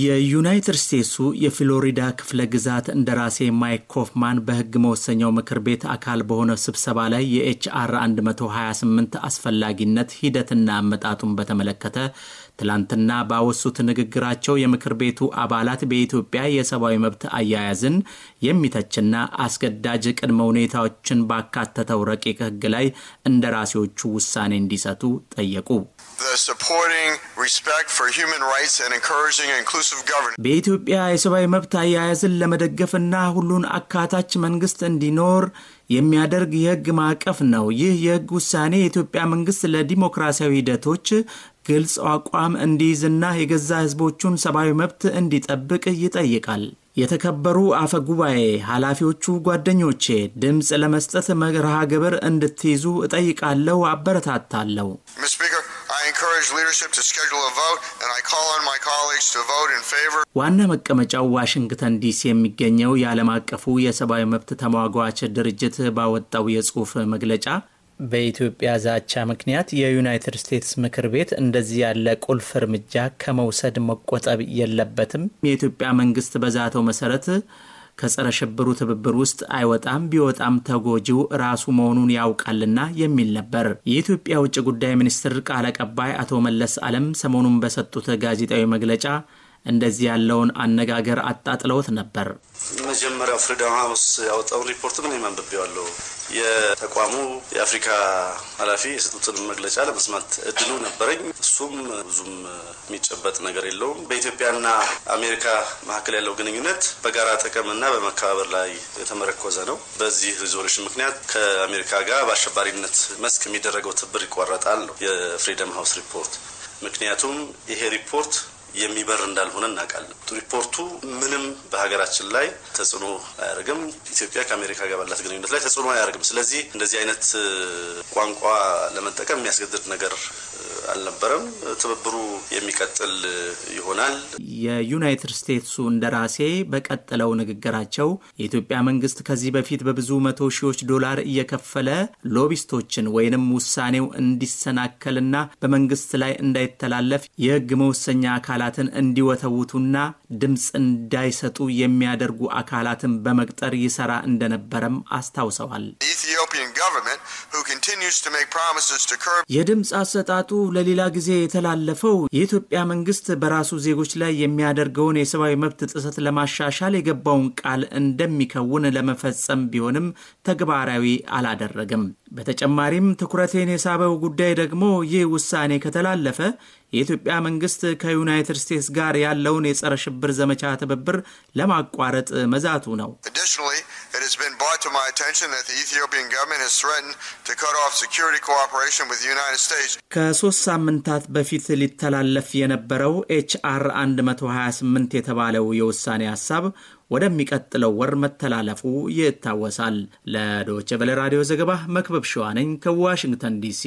የዩናይትድ ስቴትሱ የፍሎሪዳ ክፍለ ግዛት እንደራሴ ማይክ ኮፍማን በሕግ መወሰኛው ምክር ቤት አካል በሆነ ስብሰባ ላይ የኤችአር 128 አስፈላጊነት ሂደትና አመጣጡን በተመለከተ ትላንትና ባወሱት ንግግራቸው የምክር ቤቱ አባላት በኢትዮጵያ የሰብአዊ መብት አያያዝን የሚተችና አስገዳጅ ቅድመ ሁኔታዎችን ባካተተው ረቂቅ ሕግ ላይ እንደራሴዎቹ ውሳኔ እንዲሰጡ ጠየቁ። በኢትዮጵያ የሰብአዊ መብት አያያዝን ለመደገፍና ሁሉን አካታች መንግስት እንዲኖር የሚያደርግ የህግ ማዕቀፍ ነው። ይህ የህግ ውሳኔ የኢትዮጵያ መንግስት ለዲሞክራሲያዊ ሂደቶች ግልጽ አቋም እንዲይዝና የገዛ ህዝቦቹን ሰብአዊ መብት እንዲጠብቅ ይጠይቃል። የተከበሩ አፈ ጉባኤ፣ ኃላፊዎቹ፣ ጓደኞቼ ድምፅ ለመስጠት መርሃ ግብር እንድትይዙ እጠይቃለሁ፣ አበረታታለሁ። encourage leadership to schedule a vote, and I call on my colleagues to vote in favor. ዋና መቀመጫው ዋሽንግተን ዲሲ የሚገኘው የዓለም አቀፉ የሰብአዊ መብት ተሟጓች ድርጅት ባወጣው የጽሑፍ መግለጫ በኢትዮጵያ ዛቻ ምክንያት የዩናይትድ ስቴትስ ምክር ቤት እንደዚህ ያለ ቁልፍ እርምጃ ከመውሰድ መቆጠብ የለበትም። የኢትዮጵያ መንግስት በዛተው መሰረት ከጸረ ሽብሩ ትብብር ውስጥ አይወጣም፣ ቢወጣም ተጎጂው ራሱ መሆኑን ያውቃልና የሚል ነበር። የኢትዮጵያ ውጭ ጉዳይ ሚኒስትር ቃል አቀባይ አቶ መለስ አለም ሰሞኑን በሰጡት ጋዜጣዊ መግለጫ እንደዚህ ያለውን አነጋገር አጣጥለውት ነበር። መጀመሪያው ፍሪደም ሀውስ ያወጣውን ሪፖርት ምን የማንብቤዋለሁ የተቋሙ የአፍሪካ ኃላፊ የሰጡትን መግለጫ ለመስማት እድሉ ነበረኝ። እሱም ብዙም የሚጨበጥ ነገር የለውም። በኢትዮጵያና አሜሪካ መካከል ያለው ግንኙነት በጋራ ጥቅምና በመከባበር ላይ የተመረኮዘ ነው። በዚህ ሪዞሉሽን ምክንያት ከአሜሪካ ጋር በአሸባሪነት መስክ የሚደረገው ትብር ይቋረጣል ነው የፍሪደም ሀውስ ሪፖርት። ምክንያቱም ይሄ ሪፖርት የሚበር እንዳልሆነ እናውቃለን። ሪፖርቱ ምንም በሀገራችን ላይ ተጽዕኖ አያደርግም። ኢትዮጵያ ከአሜሪካ ጋር ባላት ግንኙነት ላይ ተጽዕኖ አያደርግም። ስለዚህ እንደዚህ አይነት ቋንቋ ለመጠቀም የሚያስገድድ ነገር አልነበረም። ትብብሩ የሚቀጥል ይሆናል። የዩናይትድ ስቴትሱ እንደራሴ በቀጠለው ንግግራቸው የኢትዮጵያ መንግስት ከዚህ በፊት በብዙ መቶ ሺዎች ዶላር እየከፈለ ሎቢስቶችን ወይንም ውሳኔው እንዲሰናከልና በመንግስት ላይ እንዳይተላለፍ የህግ መወሰኛ አካላትን እንዲወተውቱና ድምፅ እንዳይሰጡ የሚያደርጉ አካላትን በመቅጠር ይሰራ እንደነበረም አስታውሰዋል። የድምፅ አሰጣጡ ለሌላ ጊዜ የተላለፈው የኢትዮጵያ መንግስት በራሱ ዜጎች ላይ የሚያደርገውን የሰብአዊ መብት ጥሰት ለማሻሻል የገባውን ቃል እንደሚከውን ለመፈጸም ቢሆንም ተግባራዊ አላደረገም። በተጨማሪም ትኩረቴን የሳበው ጉዳይ ደግሞ ይህ ውሳኔ ከተላለፈ የኢትዮጵያ መንግስት ከዩናይትድ ስቴትስ ጋር ያለውን የጸረ ሽብር ዘመቻ ትብብር ለማቋረጥ መዛቱ ነው። ከሶስት ሳምንታት በፊት ሊተላለፍ የነበረው ኤችአር 128 የተባለው የውሳኔ ሀሳብ ወደሚቀጥለው ወር መተላለፉ ይታወሳል። ለዶቸ ቨለ ራዲዮ ዘገባ መክበብ ሸዋነኝ ከዋሽንግተን ዲሲ